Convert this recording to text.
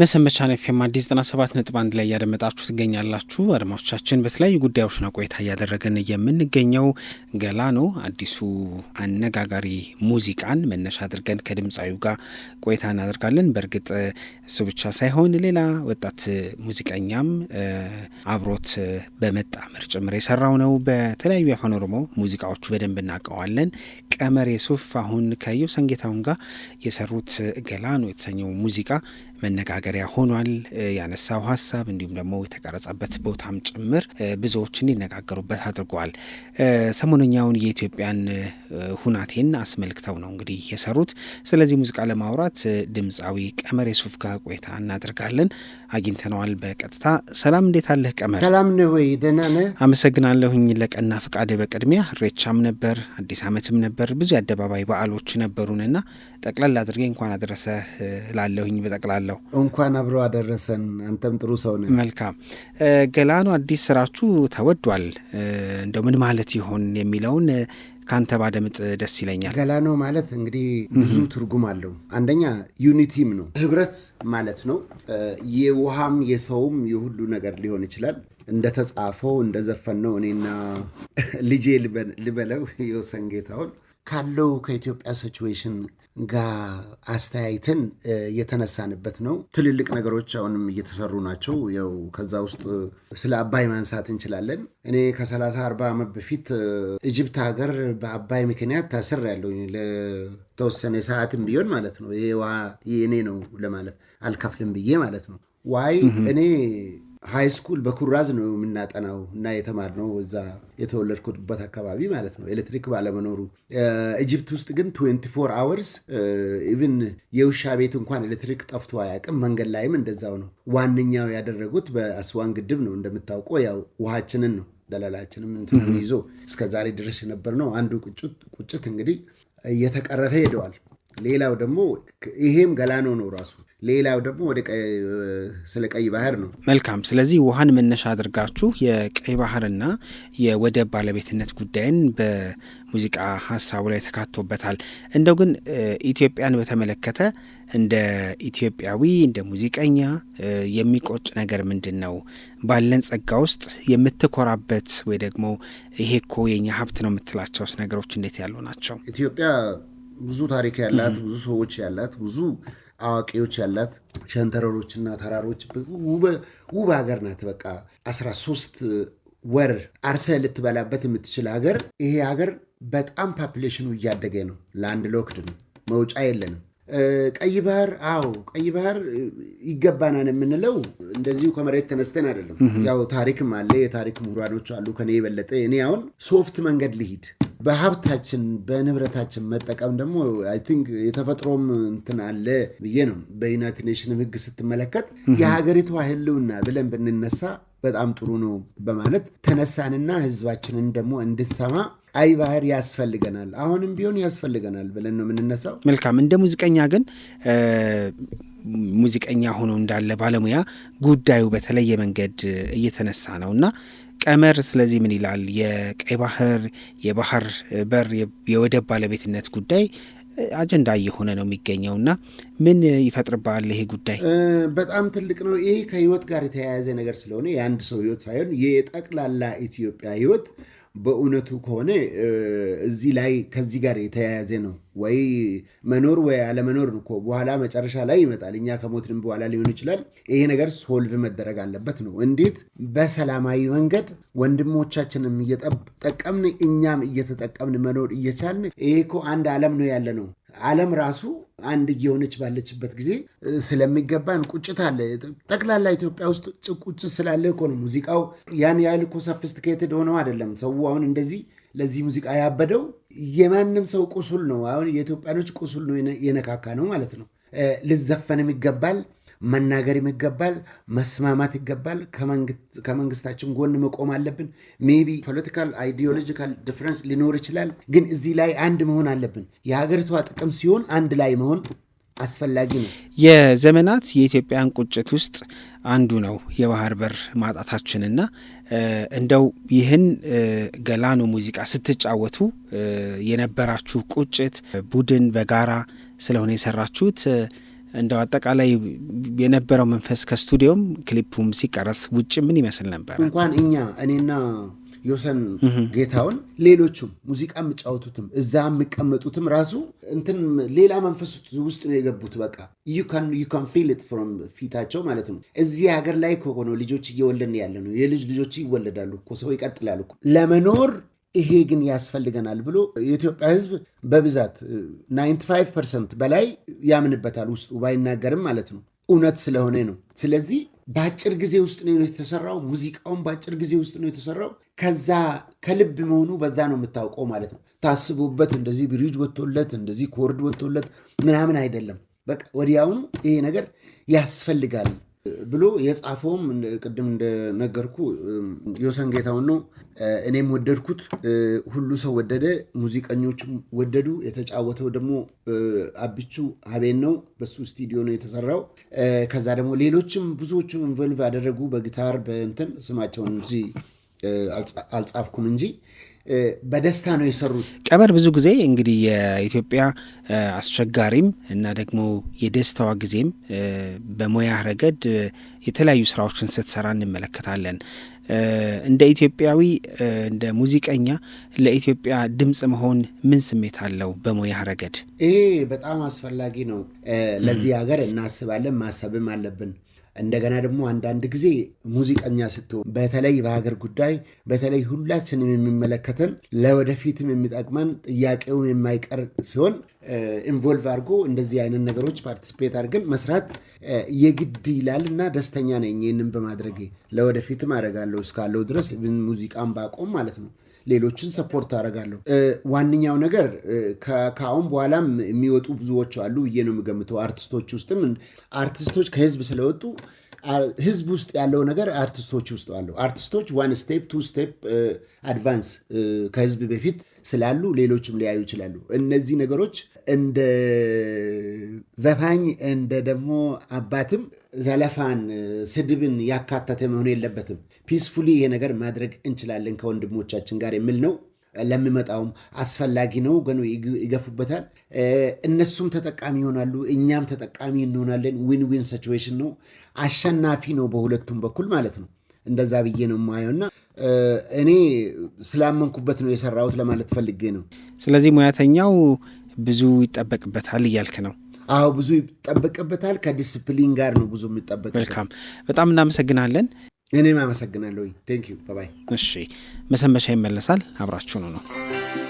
መሰንበቻን ኤፍኤም አዲስ 97 ነጥብ አንድ ላይ እያደመጣችሁ ትገኛላችሁ። አድማጮቻችን በተለያዩ ጉዳዮች ነው ቆይታ እያደረግን የምንገኘው። ገላኖ አዲሱ አነጋጋሪ ሙዚቃን መነሻ አድርገን ከድምፃዊው ጋር ቆይታ እናደርጋለን። በእርግጥ እሱ ብቻ ሳይሆን ሌላ ወጣት ሙዚቀኛም አብሮት በመጣመር ጭምር የሰራው ነው። በተለያዩ የአፋን ኦሮሞ ሙዚቃዎቹ በደንብ እናውቀዋለን። ቀመር የሱፍ አሁን ከየውሰን ጋር የሰሩት ገላኖ የተሰኘው ሙዚቃ መነጋገሪያ ሆኗል። ያነሳው ሀሳብ እንዲሁም ደግሞ የተቀረጸበት ቦታም ጭምር ብዙዎች እንዲነጋገሩበት አድርጓል። ሰሞነኛውን የኢትዮጵያን ሁናቴን አስመልክተው ነው እንግዲህ የሰሩት። ስለዚህ ሙዚቃ ለማውራት ድምፃዊ ቀመር የሱፍ ጋር ቆይታ እናደርጋለን። አግኝተነዋል በቀጥታ። ሰላም፣ እንዴት አለህ ቀመር? ሰላም ነህ ወይ? ደህና ነህ? አመሰግናለሁኝ ለቀና ፍቃድ። በቅድሚያ ሬቻም ነበር፣ አዲስ ዓመትም ነበር፣ ብዙ የአደባባይ በዓሎች ነበሩንና ጠቅላላ አድርጌ እንኳን አደረሰህ ላለሁኝ በጠቅላላ አመሰግናለሁ። እንኳን አብሮ አደረሰን። አንተም ጥሩ ሰው ነህ። መልካም ገላኑ፣ አዲስ ስራችሁ ተወዷል። እንደው ምን ማለት ይሆን የሚለውን ከአንተ ባደምጥ ደስ ይለኛል። ገላኖ ማለት እንግዲህ ብዙ ትርጉም አለው። አንደኛ ዩኒቲም ነው፣ ህብረት ማለት ነው። የውሃም የሰውም የሁሉ ነገር ሊሆን ይችላል። እንደተጻፈው እንደዘፈነው እኔና ልጄ ልበለው የወሰን ጌታውን ካለው ከኢትዮጵያ ሲቹዌሽን ጋር አስተያየትን የተነሳንበት ነው። ትልልቅ ነገሮች አሁንም እየተሰሩ ናቸው። ያው ከዛ ውስጥ ስለ አባይ ማንሳት እንችላለን። እኔ ከሰላሳ 40 ዓመት በፊት ኢጅፕት ሀገር በአባይ ምክንያት ታስር ያለው ለተወሰነ ሰዓትም ቢሆን ማለት ነው። ይሄ ውሃ የእኔ ነው ለማለት አልከፍልም ብዬ ማለት ነው ዋይ እኔ ሃይ ስኩል በኩራዝ ነው የምናጠናው እና የተማርነው እዛ የተወለድኩበት አካባቢ ማለት ነው፣ ኤሌክትሪክ ባለመኖሩ። ኢጅፕት ውስጥ ግን ትዌንቲ ፎር አወርስ ኢቭን የውሻ ቤት እንኳን ኤሌክትሪክ ጠፍቶ አያውቅም። መንገድ ላይም እንደዛው ነው። ዋነኛው ያደረጉት በአስዋን ግድብ ነው። እንደምታውቀው ያው ውሃችንን ነው ደላላችንም እንትን ይዞ እስከዛሬ ድረስ የነበር ነው። አንዱ ቁጭት እንግዲህ እየተቀረፈ ሄደዋል። ሌላው ደግሞ ይሄም ገላኖ ነው ራሱ። ሌላው ደግሞ ወደ ስለ ቀይ ባህር ነው። መልካም። ስለዚህ ውሃን መነሻ አድርጋችሁ የቀይ ባህርና የወደብ ባለቤትነት ጉዳይን በሙዚቃ ሀሳቡ ላይ ተካቶበታል። እንደው ግን ኢትዮጵያን በተመለከተ እንደ ኢትዮጵያዊ እንደ ሙዚቀኛ የሚቆጭ ነገር ምንድን ነው? ባለን ጸጋ ውስጥ የምትኮራበት ወይ ደግሞ ይሄ እኮ የኛ ሀብት ነው የምትላቸውስ ነገሮች እንዴት ያሉ ናቸው? ኢትዮጵያ ብዙ ታሪክ ያላት ብዙ ሰዎች ያላት ብዙ አዋቂዎች ያላት ሸንተረሮችና ተራሮች ውብ ሀገር ናት። በቃ 13 ወር አርሰ ልትበላበት የምትችል ሀገር። ይሄ ሀገር በጣም ፓፕሌሽኑ እያደገ ነው። ለአንድ ሎክድ ነው፣ መውጫ የለንም። ቀይ ባህር አዎ፣ ቀይ ባህር ይገባናል የምንለው እንደዚሁ ከመሬት ተነስተን አይደለም። ያው ታሪክም አለ፣ የታሪክ ምሁራኖች አሉ ከኔ የበለጠ። እኔ አሁን ሶፍት መንገድ ልሂድ በሀብታችን በንብረታችን መጠቀም ደግሞ አይ ቲንክ የተፈጥሮም እንትን አለ ብዬ ነው። በዩናይትድ ኔሽንም ህግ ስትመለከት የሀገሪቷ ህልውና ብለን ብንነሳ በጣም ጥሩ ነው በማለት ተነሳንና ህዝባችንን ደግሞ እንድትሰማ አይ ባህር ያስፈልገናል፣ አሁንም ቢሆን ያስፈልገናል ብለን ነው የምንነሳው። መልካም እንደ ሙዚቀኛ ግን ሙዚቀኛ ሆኖ እንዳለ ባለሙያ ጉዳዩ በተለየ መንገድ እየተነሳ ነው እና ቀመር ስለዚህ ምን ይላል? የቀይ ባህር የባህር በር የወደብ ባለቤትነት ጉዳይ አጀንዳ እየሆነ ነው የሚገኘው ና ምን ይፈጥርባል ይሄ ጉዳይ? በጣም ትልቅ ነው። ይሄ ከህይወት ጋር የተያያዘ ነገር ስለሆነ የአንድ ሰው ህይወት ሳይሆን የጠቅላላ ኢትዮጵያ ህይወት በእውነቱ ከሆነ እዚህ ላይ ከዚህ ጋር የተያያዘ ነው ወይ መኖር ወይ አለመኖር እኮ በኋላ መጨረሻ ላይ ይመጣል። እኛ ከሞትንም በኋላ ሊሆን ይችላል። ይሄ ነገር ሶልቭ መደረግ አለበት ነው። እንዴት በሰላማዊ መንገድ ወንድሞቻችንም እየጠቀምን እኛም እየተጠቀምን መኖር እየቻልን ይሄ እኮ አንድ ዓለም ነው ያለ ነው። ዓለም ራሱ አንድ እየሆነች ባለችበት ጊዜ ስለሚገባን ቁጭት አለ። ጠቅላላ ኢትዮጵያ ውስጥ ቁጭት ስላለ እኮ ነው ሙዚቃው ያን ያህል እኮ ሰፊስቲኬትድ ሆነው አይደለም። ሰው አሁን እንደዚህ ለዚህ ሙዚቃ ያበደው የማንም ሰው ቁስል ነው። አሁን የኢትዮጵያኖች ቁስል ነው የነካካ ነው ማለት ነው። ልዘፈንም ይገባል መናገር ይገባል፣ መስማማት ይገባል። ከመንግስታችን ጎን መቆም አለብን። ሜቢ ፖለቲካል አይዲዮሎጂካል ዲፍረንስ ሊኖር ይችላል፣ ግን እዚህ ላይ አንድ መሆን አለብን። የሀገሪቷ ጥቅም ሲሆን አንድ ላይ መሆን አስፈላጊ ነው። የዘመናት የኢትዮጵያን ቁጭት ውስጥ አንዱ ነው የባህር በር ማጣታችንና እንደው ይህን ገላኖ ሙዚቃ ስትጫወቱ የነበራችሁ ቁጭት ቡድን በጋራ ስለሆነ የሰራችሁት እንደው አጠቃላይ የነበረው መንፈስ ከስቱዲዮም ክሊፑም ሲቀረስ ውጭ ምን ይመስል ነበር? እንኳን እኛ እኔና ዮሰን ጌታውን ሌሎቹም ሙዚቃ የምጫወቱትም እዛ የምቀመጡትም ራሱ እንትን ሌላ መንፈስ ውስጥ ነው የገቡት። በቃ ዩካን ፊል ፍሮም ፊታቸው ማለት ነው። እዚህ ሀገር ላይ ከሆነ ልጆች እየወለድን ያለ ነው። የልጅ ልጆች ይወለዳሉ እኮ ሰው ይቀጥላሉ። ለመኖር ይሄ ግን ያስፈልገናል ብሎ የኢትዮጵያ ህዝብ በብዛት 95 ፐርሰንት በላይ ያምንበታል። ውስጡ ባይናገርም ማለት ነው እውነት ስለሆነ ነው። ስለዚህ በአጭር ጊዜ ውስጥ ነው የተሰራው። ሙዚቃውን በአጭር ጊዜ ውስጥ ነው የተሰራው። ከዛ ከልብ መሆኑ በዛ ነው የምታውቀው ማለት ነው። ታስቦበት እንደዚህ ብሪጅ ወጥቶለት እንደዚህ ኮርድ ወጥቶለት ምናምን አይደለም። በቃ ወዲያውኑ ይሄ ነገር ያስፈልጋል ብሎ የጻፈውም ቅድም እንደነገርኩ ዮሰን ጌታውን ነው። እኔም ወደድኩት፣ ሁሉ ሰው ወደደ፣ ሙዚቀኞችም ወደዱ። የተጫወተው ደግሞ አቢቹ ሀቤን ነው። በሱ ስቱዲዮ ነው የተሰራው። ከዛ ደግሞ ሌሎችም ብዙዎቹ ኢንቮልቭ ያደረጉ በጊታር በእንትን ስማቸውን እዚህ አልጻፍኩም እንጂ በደስታ ነው የሰሩት። ቀመር ብዙ ጊዜ እንግዲህ የኢትዮጵያ አስቸጋሪም እና ደግሞ የደስታዋ ጊዜም በሙያ ረገድ የተለያዩ ስራዎችን ስትሰራ እንመለከታለን። እንደ ኢትዮጵያዊ እንደ ሙዚቀኛ ለኢትዮጵያ ድምፅ መሆን ምን ስሜት አለው? በሙያ ረገድ ይሄ በጣም አስፈላጊ ነው። ለዚህ ሀገር እናስባለን፣ ማሰብም አለብን። እንደገና ደግሞ አንዳንድ ጊዜ ሙዚቀኛ ስትሆን በተለይ በሀገር ጉዳይ በተለይ ሁላችንም የሚመለከተን ለወደፊትም የሚጠቅመን ጥያቄውም የማይቀር ሲሆን ኢንቮልቭ አድርጎ እንደዚህ አይነት ነገሮች ፓርቲስፔት አድርገን መስራት የግድ ይላል እና ደስተኛ ነኝ ይህንን በማድረጌ ለወደፊትም አደርጋለሁ እስካለው ድረስ ሙዚቃን ባቆም ማለት ነው። ሌሎችን ሰፖርት አደርጋለሁ። ዋነኛው ነገር ከአሁን በኋላም የሚወጡ ብዙዎች አሉ ብዬ ነው የምገምተው። አርቲስቶች ውስጥም አርቲስቶች ከህዝብ ስለወጡ ህዝብ ውስጥ ያለው ነገር አርቲስቶች ውስጥ አለው። አርቲስቶች ዋን ስቴፕ ቱ ስቴፕ አድቫንስ ከህዝብ በፊት ስላሉ ሌሎችም ሊያዩ ይችላሉ። እነዚህ ነገሮች እንደ ዘፋኝ እንደ ደግሞ አባትም ዘለፋን፣ ስድብን ያካተተ መሆን የለበትም። ፒስፉሊ ይሄ ነገር ማድረግ እንችላለን ከወንድሞቻችን ጋር የሚል ነው። ለሚመጣውም አስፈላጊ ነው። ግን ይገፉበታል። እነሱም ተጠቃሚ ይሆናሉ፣ እኛም ተጠቃሚ እንሆናለን። ዊን ዊን ሲቹዌሽን ነው። አሸናፊ ነው በሁለቱም በኩል ማለት ነው። እንደዛ ብዬ ነው የማየው እና እኔ ስላመንኩበት ነው የሰራሁት ለማለት ፈልጌ ነው። ስለዚህ ሙያተኛው ብዙ ይጠበቅበታል እያልክ ነው? አዎ ብዙ ይጠበቅበታል። ከዲስፕሊን ጋር ነው ብዙ የሚጠበቅ። መልካም፣ በጣም እናመሰግናለን። እኔም አመሰግናለሁ። ቴንክ ዩ ባይ። እሺ፣ መሰንበቻ ይመለሳል። አብራችሁ ነው ነው